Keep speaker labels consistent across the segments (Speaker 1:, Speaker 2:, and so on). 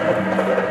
Speaker 1: Thank you.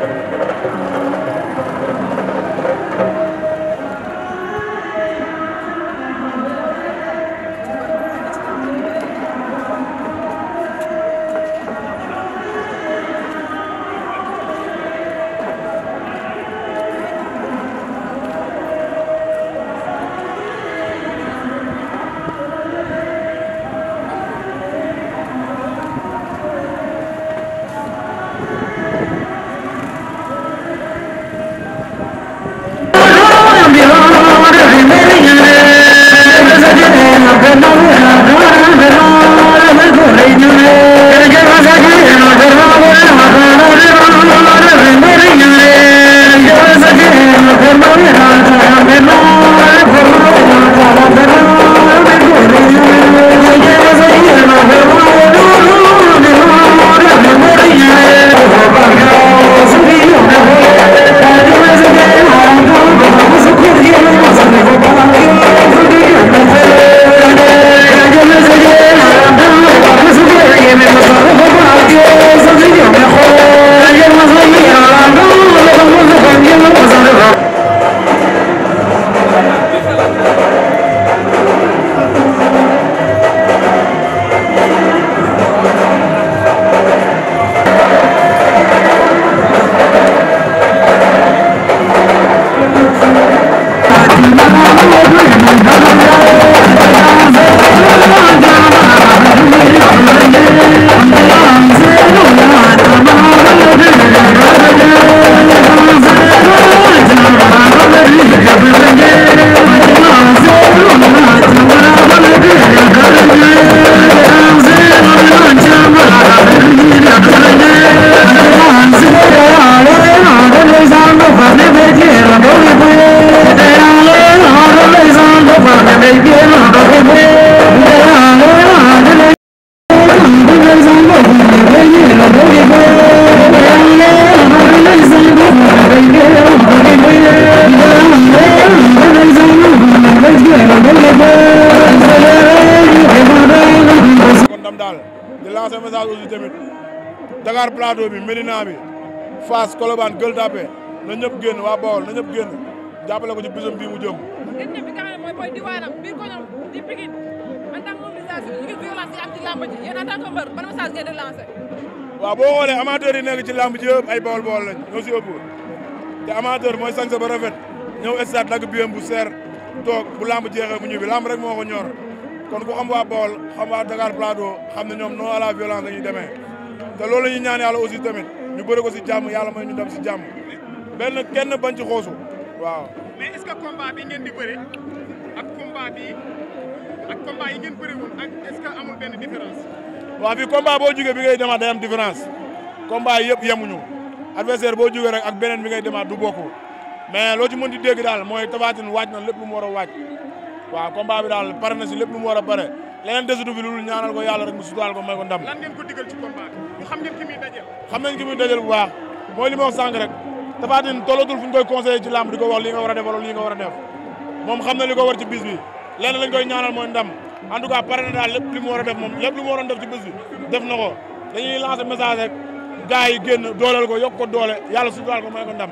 Speaker 2: Dakar Plateau bi Médina bi Fass Colobane Gueule Tapée na ñëpp génn waa Bawol na ñëpp génn jàppale ko ci bisam bii mu jëm. nit ñi bi nga xam ne mooy mooy diwaanam biir ko ñoom di Pikine en tant que mobilisation ñu ngi violence yi am ci làmb ji yéen en tant que mbër ban message ngeen di lancé. waaw boo xoolee amateur yi nekk ci làmb ji yëpp ay Bawol Bawol lañ ñoo si ëpp te amateur mooy sañse ba rafet ñëw stade dagg biyam bu seer toog bu làmb jeexee mu ñibbi làmb rek moo ko ñor kon ku xam waa Bawol xam waa Dakar Plateau xam ne ñoom non à la violence la ñuy demee te loolu ñu ñaan yàlla aussi tamit ñu bëri ko si jàmm yàlla may ñu dem si jàmm benn kenn bañ ci xoosu waaw. mais est-ce que bi ngeen di bëri ak combat bi ak combat yi différence. waaw fii combat boo jugee bi ngay demaat day am différence combat yemuñu adversaire boo jugee rek ak beneen bi ngay demaat du bokk mais loo ci mën di dégg daal mooy Tapha Tine waaj na lépp lu mu war a waaj waaw combat bi daal pare na si lépp lu mu war a pare. leneen desitu fi loolu ñaanal ko yàlla rek mu suturaal ko may ko ndam. lan xam ngeen ki muy dajal. xam nañ ki muy dajal rek Tapha Tine fu ñu koy conseillé ci làmb di ko wax li nga war a def wala li nga war a def moom xam na li ko war ci bis bi leneen lañ koy ñaanal mooy ndam en tout cas pare na daal lépp li mu war a def moom lépp li mu waroon def ci bis def na ko dañuy lancer message rek gars génn dooleel ko yokk doole yàlla suturaal ko may ko ndam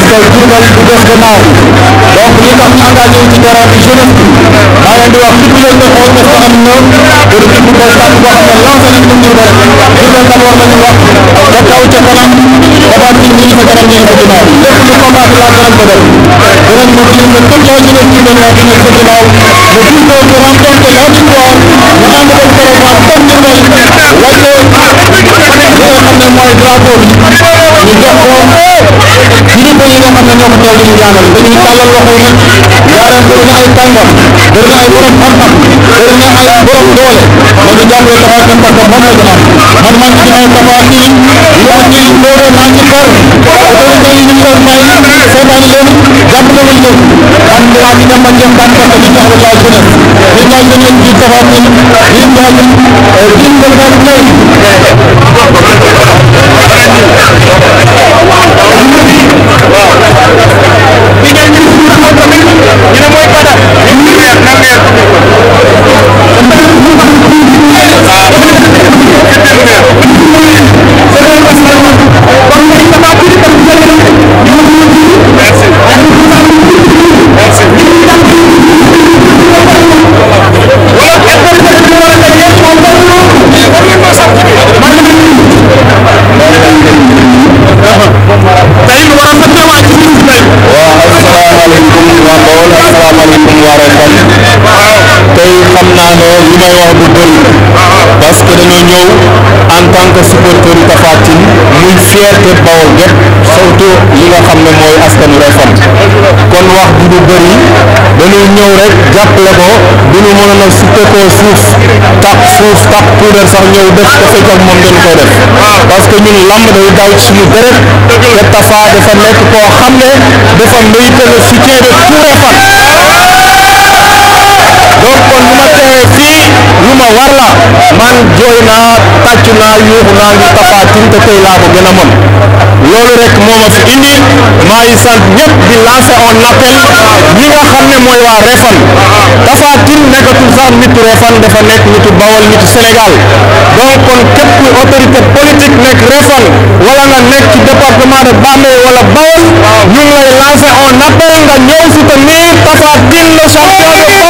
Speaker 1: tey Diourbel du des gannaaw donc li tax ñu engagé wu ci terrain bi jeunesse bi maa leen di wax nit ñi nga xool dafa am na pour nit bu koy sàcc boo xam ne lancé nañ ko Diourbel Diourbel kan war nañu wax ba taw ca kanam ba ba nit ñi fa kanam ñi fa ginnaaw lépp lu combat bi laaj danañ ko def danañ ma tiim ne toute la jeunesse bi dana dina sa ginnaaw le plus tôt ñu rencontre la victoire ñu ànd dem keroog ba am comme Diourbel wàcce li nga xam ne mooy drapeau bi ñu jox ko bëri yoo xam ne ñoo ko teew di ñu ñaanal dañuy tàllal loxo yi nag bëri na ay kàngam bëri na ay borom xam-xam bëri na ay borom doole man de jàppee taxaw seen boppam moom la gën a man maa ngi ginnaaw taxawaat yi yor ñaari doole maa ngi kar autorité yi ñu ngi doon may seetaan leen jàppale leen leen man de maa ngi dem ba njëm daan kàtt ñu taxaw laaj su nekk ñu laaj leen leen ci taxawaat yi yéen daal leen dimbal daal tey ñu ne mooy Badar fierté Bawol gépp surtout li nga xam ne mooy askan Refane kon wax ji du bëri dañuy ñëw rek jàppale ko du ñu mënoon a suppekoo suuf taq suuf taq puudar sax ñëw def ko fekk moom dañ koy def parce que ñun lamb day daw ci suñu deret te Tapha dafa nekk koo xam ne dafa mérite le soutien de tout Refane donc kon bu ma teewee fii lu ma war la man jooy naa tàcc naa yuuxu naa ngir Tapha Tine te tey laa ko gën a mën loolu rek moo ma fi indi maa ngi sant ñëpp di lancer un appel ñi nga xam ne mooy waa Refan Tapha Tine nekkatul sax nitu Refan dafa nekk nitu Bawol nitu Sénégal donc kon képp autorité politique nekk Refan wala nga nekk ci département de Bambey ñu ngi lay lancer un appel nga ñëw soutenir Tapha Tine le champion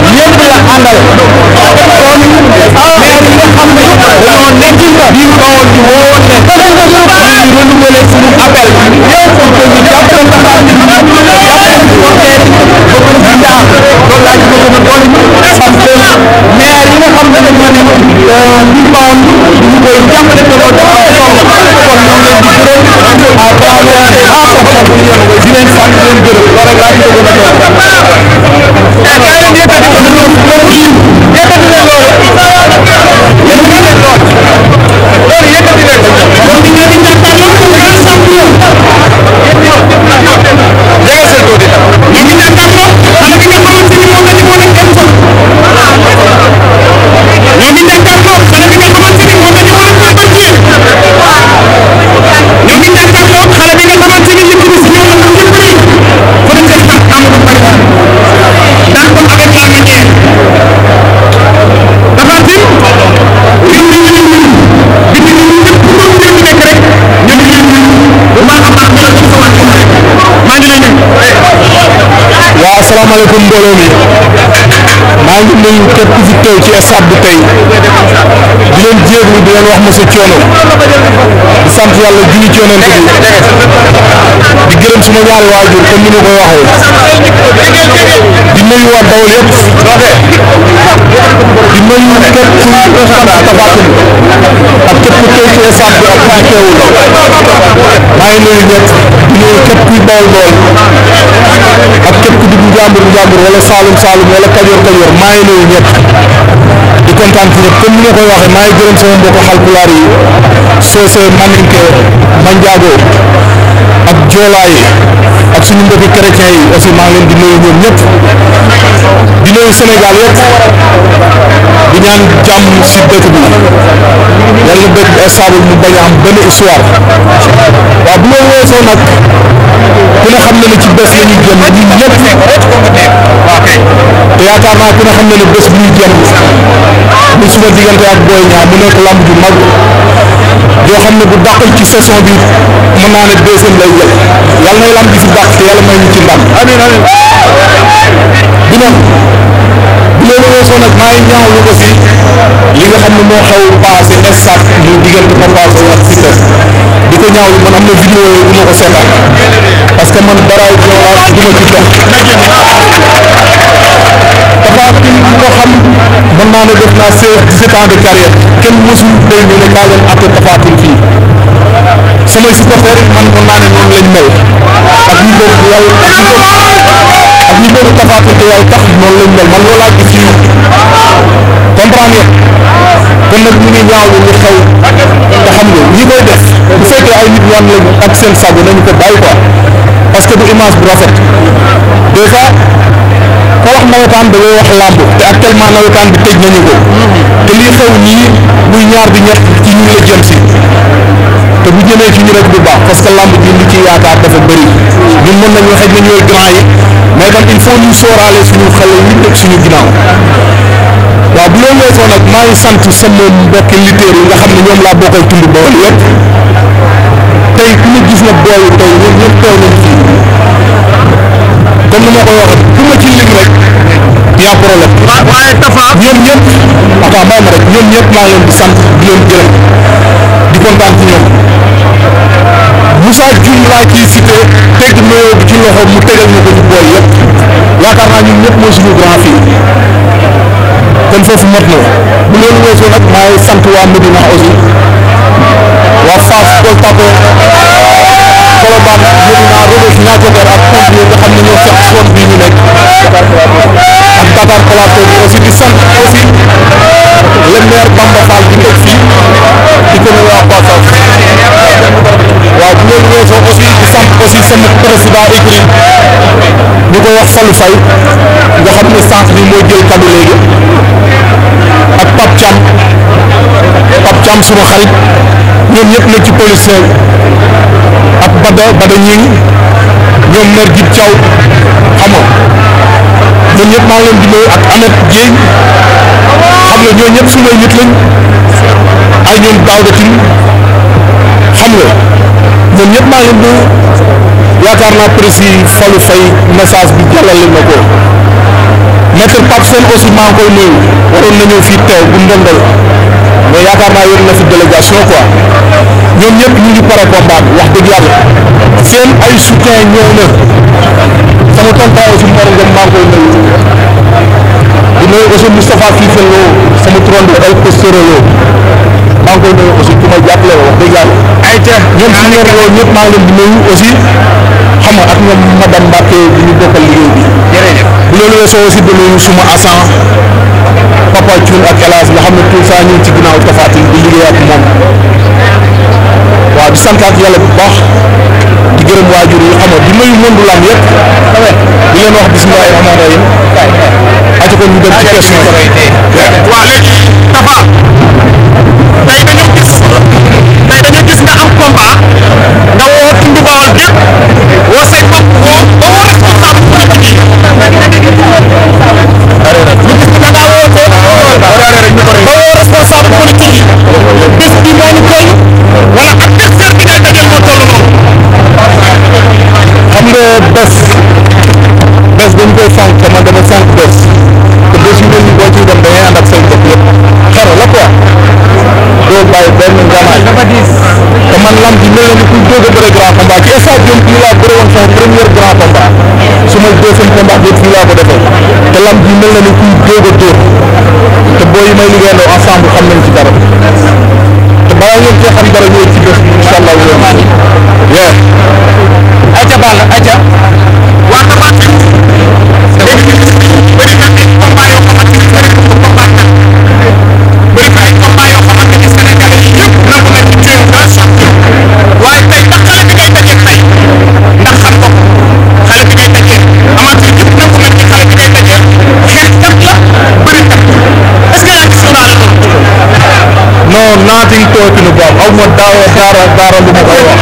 Speaker 1: ñëpp la àndal kon maire yi nga xam ne dañoo nekk ci biir Bawol di woowoon ne dañuy renouveler suñu appel pour que ñu jàppale asalaamaaleykum mbooloo mi maa ngi nuyu képp ku fi teew ci stade bi tey di leen jéeglu di leen wax monsieur Thiono di sant yàlla julli ci yonent bi di gërëm suma ñaari waajur comme ni ma koy waxee di nuyu waa Bawol yëpp di nuyu képp ku xam tabatum ak képp ku teew ci stade ngi nuyu ñëpp diggu njàmbur njàmbur wala saalum saalum wala kajoor kajoor maa ngi nuyu ñëpp di kontaan ci ñëpp comme ni nga koy waxee yi soose maninke manjaago ak joolaa yi ak suñu mbokki chrétien yi aussi maa ngi leen di nuyu ñoom di ñaan jàmm si dëkk bi yàlla dëkk stable mu a am benn histoire waaw bu loolu ku ne xam na ne ci bés la ñu jëm ñun ñëpp te yaakaar naa ne xam na ne bés bu ñu jëm muy suma diggante ak Boy Niang mu nekk lamb mag yoo xam ne bu dàqul ci saison bi mën naa ne deuxième lay jël yàlla nay lamb bi fi dàq te yàlla may ñu ci ndam amiin amiin loolu weesoo nag maa ngi ñaawlu li nga xam ne moo xew passé instant mu diggante Papa Sow ak di ko ñaawlu man am na vidéo yooyu du ko seetaan parce que man baraay violence du ma ci dox Tapha Tine mu ko xam mën naa ne def naa seize dix-sept de carrière kenn mosul tey ñu ne kaa leen àtte Tapha fii samay affaire bi Tapha Tine yàlla tax lañ mel man loolaa gis ci comprendre kon nag ñu ngi ñaaw ñu xam nga ñi koy def bu fekkee ay nit ñoom la ak seen sago nañu ko bàyyi quoi parce que du image bu rafet des fois ko wax nawetaan da ngay wax làmb te actuellement nawetaan bi tëj nañu ko te lii xew nii muy ñaar bi ñett ci ñu si. te bu jëmee ci ñu rek du baax parce que lamb ji li ci yaakaar dafa bëri ñun mën nañu xëj na ñooy grand yi mais tam il faut ñu sóoraale suñu xale yi nekk suñu ginnaaw waaw bu loolu weesoo nag maa ngi sant sama mbokki lutteurs yi nga xam ne ñoom laa bokkal tund bool yëpp tey ku ñu gis na boolu tey ñoom ñëpp teew nañ fii comme ma ku ma ci lim rek yaa problème. waaw waaye rek ñoom ñëpp maa leen di sant di leen gërëm di kontaan ci ñoom. Moussa Dioum laa ciy cité teg nuyoo bi ci loxo mu tegal ñu ko ci booy yëpp yaakaar naa ñun ñëpp mooy suñu grand fii kon foofu mot na bu loolu weesoo nag maay sant waa Medina aussi waa Fass Gueule Tapée Colobane Medina Rebeuss Niacoulter ak pompier nga xam ne ñoo seq zone bii ñu nekk ak Dakar Plateau bi aussi di sant aussi le maire Bamba Fall bi nekk fii di ko nuyu waa Passage. waaye bu ngeen weesoo aussi di sant aussi sama président écurie ñu koy wax Fallou Faye nga xam ne sànq bi mooy jël kaddu léegi ak Pape Thiam Pape Thiam suma xarit ñoom ñëpp nekk ci policier ak Bada Bada Ñing ñoom mère Djib Thiaw xam nga ñoom ñëpp maa ngi leen di ak Annette Dieng xam nga ñoo ñëpp sumay nit lañ ay ñoom daaw de tin xam nga ñoom ñëpp maa ngi yaakaar naa précis Fallou Faye message bi jàllale na ko maître Pape Sène aussi maa koy nuyu waroon na fii teew bu ndondal mais yaakaar naa yor na fi délégation quoi ñoom ñëpp ñu ngi pare combat wax dëgg yàlla seen ay soutien ñëw na sama tonton aussi Mor Ngom maa koy nuyu di nuyu aussi Moustapha Fifel Lo sama turando El Postero maa ngi koy nuyu aussi ku may jàppale wax dëgg yàlla. ay ca ñoom su ñu loolu ñëpp maa ngi leen di nuyu aussi xam nga ak ñoom madame Mbacke bi ñu bokkal liggéey bi. jërëjëf bu loolu weesoo aussi di nuyu suma asan papa Thioune ak El Hadj nga xam ne tout ça ñu ngi ci ginnaaw Tafaati di liggéey ak moom waaw di santaat yàlla bu baax di gërëm waajur yi xam nga di nuyu mëndu lam yëpp di leen wax bismillahi rahmaani rahim. waaw kon ñu dem ci question yi waaw léegi Tafa. tey dañu gis tey dañu gis nga am combat nga woo tund Bawol gépp woo say mag woo ba woo responsable politique yi ñu gis nga nga woo ko ba woo responsable politique yi bis bi moo ñu toll wala adversaire bi ngay dajal moo toll noonu xam nga bés bés dañ koy sànq man dama sànq bés bàyyi benn nganaay te man lam bi mel na ni kuy doog a bëre grand combat ci stade Diop fii laa bëre woon sama premier grand combat su ma deuxième combat bi fii laa ko defee te lam bi mel na ni kuy doog a dóor te boo yi may liggéeyandoo ensemble xam nañ ci dara te balaa ngeen cee xam dara ñëw ci bés incha allah. daara daara lu mu koy wax.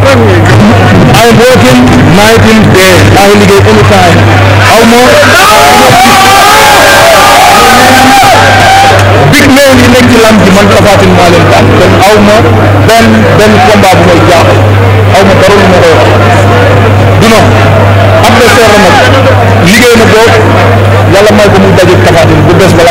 Speaker 1: I am working night and day maa ngi liggéey any time aw ma. big name yi nekk ci lam ji man Tapha Tine maa leen daan kon aw ma benn benn combat bu may jaaxal aw ma dara lu ma koy wax. du noonu adversaire la nag liggéey na boobu yàlla may ko mu daje Tapha Tine bu bés ba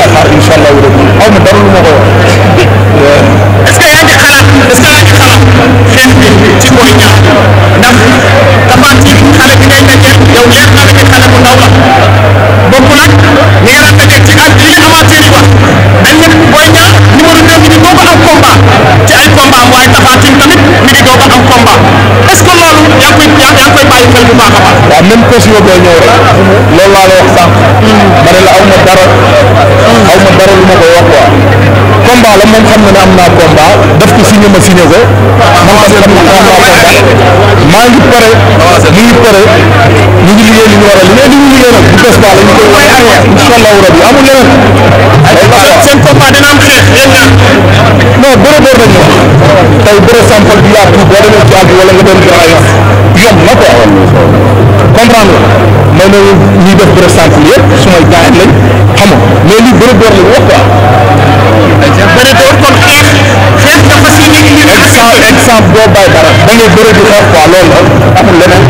Speaker 1: bu baax a baax. waaw même coach yooyu booy ñëw rek. Mm-hmm. loolu laa la wax sànq. Mm-hmm. ma ne la aw ma dara. Mm-hmm. aw ma dara lu ma koy wax quoi. combat la moom xam na ne am naa combat def ko signé ma signé ko man xam na ne am naa combat maa ngi pare mi ngi pare ñu ngi liggéey li ñu war a liggéey li ñu liggéey nag bu bés baa la ñu koy waay arrière incha allahu rabi amul leneen. seen combat dina am xeex yéen ñaar. non bëre bëre lañu wax tey bëre sampal bi yaatu boo demee ci àgg wala nga dem ci ay yomb na quoi comprendre nga may ne ñuy def bëre sampal yëpp sumay gaañ lañ xam nga mais li bëre bëre lañu wax quoi. bëri door kon xeex xeex dafa si nit ñi. exemple exemple boo bàyyi dara da ngay bëri di xeex quoi loolu la amul leneen.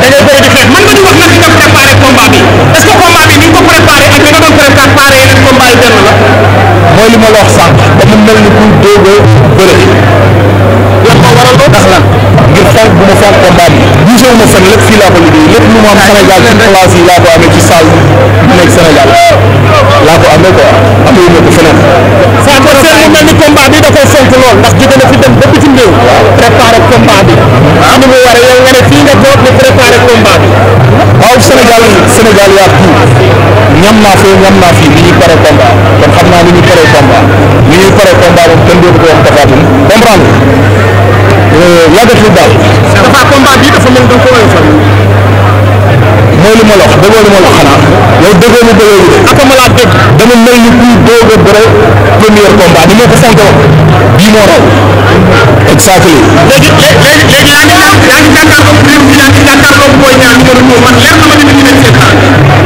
Speaker 1: da ngay bëri di xeex man ma di wax naka nga préparé combat bi est-ce que combat bi ni nga ko préparé ak ni nga doon préparé yeneen combat yi benn la. mooy li ma la wax sànq dafa mel ni ku doog a bëri. lan moo waral ko ndax lan. ngir fonk bu ma fonk combat bi gisee wu ma fenn lépp fii laa ko liggéey lépp lu ma am Sénégal ci place yi laa ko amee ci salle bi nekk Sénégal laa ko amee quoi amee ma ko feneen. saa ko seet mu mel ni combat na fi dem ba bitim réew. préparé combat bi. waaw ni mu waree fii nga toog ni préparé combat bi. waaw Sénégal ñam naa fee ñam naa fii ni ñuy pare combat kon xam naa ni ñuy pare combat ni Euh, yàggatul daal. dafa combat bi dafa mel da nga ko oyofal. mooy lu ma lox déggoo lu ma lox xanaa yow déggoo mu déggoo bi de. ak ma laa dégg. dama mel ni kuy doog a bëre premier combat ni ma ko sant woon bii moo raw. exactly. léegi léegi léegi yaa ngi yaa ngi jàkkaarloo réew mi yaa ngi jàkkaarloo booy ñaar numéro man leer na ma ni ñu nekk seen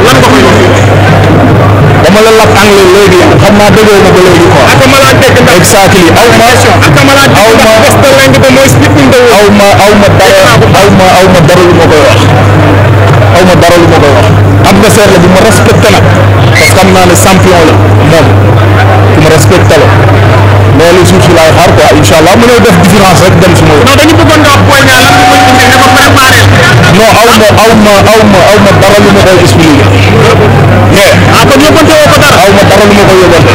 Speaker 1: lan nga koy wax. dama la lab anglais léegi xam naa déggoo ma ba léegi quoi. ak ma laa dégg ndax exactement aw ma ak ba mooy speaking de aw ma aw ma dara aw ma dara lu ma koy wax. aw ma dara lu ma koy wax adversaire la bu ma respecté nag parce que xam naa ne champion la moom ku ma respecté la loolu suuf si laay xaar quoi incha allah mu ñëw def différence rek dem su ma yoon. non dañu bëggoon nga wax booy nga lan nga mën a préparé. non aw ma aw ma aw ma aw ma dara lu ma koy expliqué. mais ah kon yóbbante woo ko dara. aw ma dara lu ma koy yóbbante.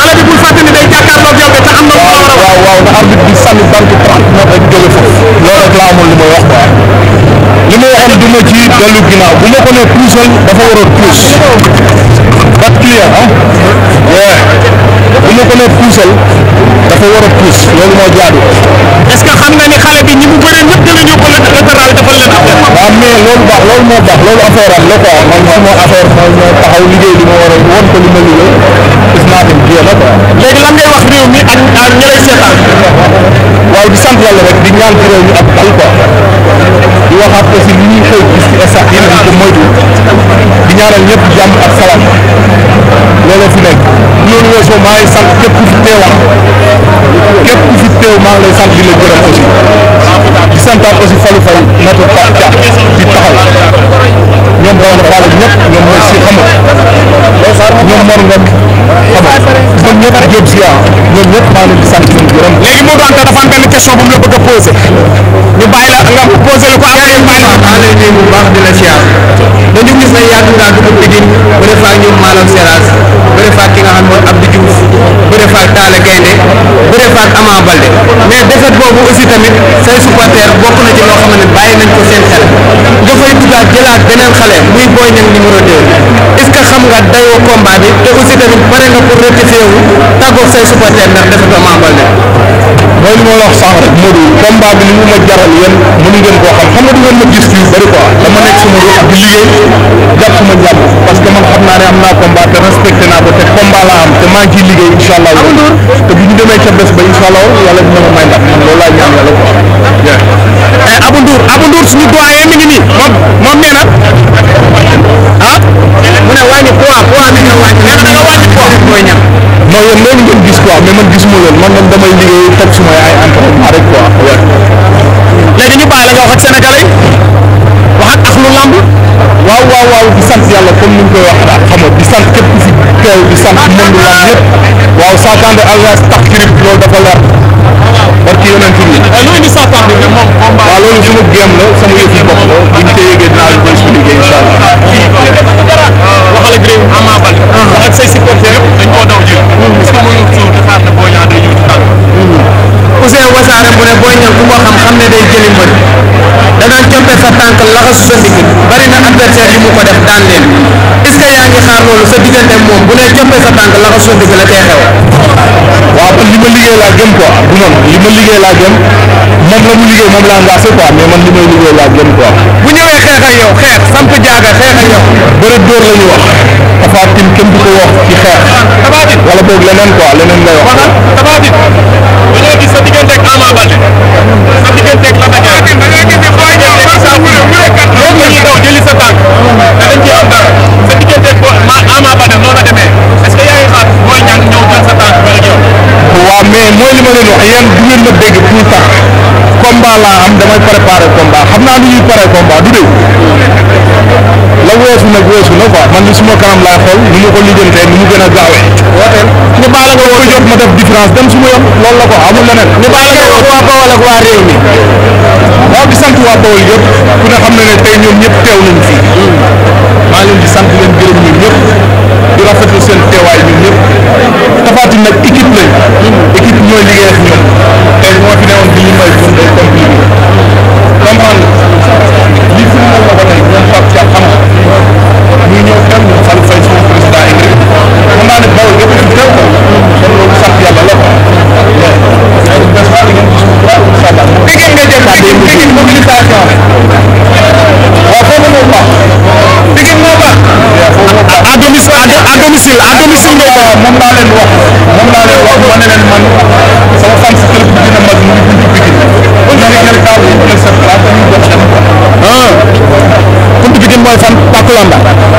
Speaker 1: xale bi bul fàtte ni day jàkkaarloog yow de te am na. waaw waaw waaw na arbitre bi sànni bant 30 mètres rek jóge foofu. loolu rek laa amoon li may wax quoi. li may am du ma ci dellu ginnaaw bu ma ko nee puusal dafa war a puus pas clear ah bu ma ko nee puusal dafa war loolu moo jaadu. est xam nga ni xale bi ñi mu bëree ñëpp dina ñëw ba latéral dafa leen affaire. waaw mais loolu moo baax loolu affaire am la quoi man sama affaire mooy li ma war a won ko li ma liggéey gis naa dem jéem a quoi. léegi lan ngay wax réew mi ak ñi lay waaye di sant yàlla rek di ñaan ci réew mi ak dal di waxaat aussi li ñuy xëy gis ci stade yi nañ mooy moytu di ñaanal ñëpp jàmm ak salaam loolu fi nekk loolu weesoo maa ngi sant képp ku fi teewaat képp fi teew maa lay sal di la gërëm aussi di santaat aussi Fallou Faye notre papa di taxaw ñoom Daouda Fall ak ñëpp ñoom mooy si xam nga ñoom Mor Ngom xam nga ñoom ñëpp Diop Sia ñoom ñëpp maa ngi leen di sant di leen gërëm. bu mu la a posé ñu bàyyi la bu baax di la siyaar dañu gis ne yàgg nga dugg Pikine bëre fa ak ñoom Malam a bëre fa ak ki nga xam mooy Abdou Diouf bëre fa ak Talla Gaynde bëre fa ak Ama Baldé mais défaite boobu aussi tamit say supporters bokk na ci loo ne bàyyi nañ ko seen xel nga fay duggaat jëlaat beneen xale xoolee muy Boy Niang numéro 2 est que xam nga dayoo combat bi te aussi tamit pare nga pour rectifier wu tàggoog say supporter ndax defetoo Ama Baldé. mooy li ma la wax sànq rek Modou combat bi li mu ma jaral yéen mënu ngeen koo xam xam nga du ngeen ma gis fii bëri quoi dama nekk sama bopp di liggéey jàpp sama jàpp parce que man xam naa ne am naa combat te respecté naa ko te combat laa am te maa ngi ciy liggéey incha allah. te bu ñu demee ca bés ba incha allah yàlla dina ma may ndax man loolu laa mais Abou Ndour Abou Ndour suñu doyen mi ngi nii moom moom nee na ah mu ne wàññi poids poids mi nga wàññi nee na da nga wàññi poids mooy ñam non yéen loolu ngeen gis quoi mais man gisuma loolu man man damay liggéey toog suma ay entraînement rek quoi ouais léegi ñu bàyyi la nga wax ak sénégalais wax ak ak lu lamb waaw waaw waaw di sant yàlla comme ni ñu koy wax daal xam nga di sant képp ku fi teew di sant monde lamb yëpp waaw saa tànn always tax kirib loolu dafa leer barki yonent bi. Eh, a loolu sunu géem la sama yëf yi bopp la buñ ko yëgee dinaa leen ko booy uh-huh. uh-huh. ñëw uh-huh. ku xam xam ne day jëli mbër danaan coppe sa tànk laxasu sa ndigg bari na adversaire yi mu ko def daan leen est-ce yaa ngi xaar loolu sa diggante moom bu ne coppe sa tànk laxasu sa ndigg la tey xew. li ma liggéey laa gëm quoi du man a ma liggéey laa gëm moom la mu liggéey la laa engagé quoi man li may liggéey laa gëm quoi. bu ñëwee xeex ak yow xeex samp xeex ak yow. bëre dóor la ñu a Tapha Tine kenn du ko wax ci xeex. wala boog leneen quoi leneen lay wax. waxal Tapha de la ñuy mais mooy li ma leen wax du ngeen ma dégg tout le temps combat laa am damay préparer combat xam naa lu ñuy paree combat du dégg la weesu nag weesu na ko man li suma kanam laa xool nu ma ko lijjantee nu mu gën a gaawee. wooteel ñu baal nga jot ma def différence dem su ma yem loolu la ko amul leneen. ñu baal nga wax waa Bawol ak waa réew mi. waaw di sant waa Bawol yëpp ku ne xam na ne tey ñoom ñëpp teew nañu fii hmm. maa ngi leen sant leen gërëm ñoom ñëpp. di rafetlu seen teewaay ñun ñëpp tafaati nag équipe lañ équipe ñooy liggéey ak ñoom tey moo fi newoon bi ñu may kon day compliqué comprendre li fi mu ko tey ñoom Pape Thiam xam muy ñëw teew ñun Fallou Faye suñu président écrit mën naa ne bawol yëpp ci teew ko kon loolu sant yàlla la ko bés waa ngeen gis bu baax incha allah dégg nga jël mobilisation à domicile à domicile ngay bàyyi. moom laa leen wax moom laa wax ma ne leen man sama fan si club dina mag mu ngi buntu Pikine. kon da ngeen taal bu ñu jël seen place dañuy jox seen. ah buntu Pikine mooy fan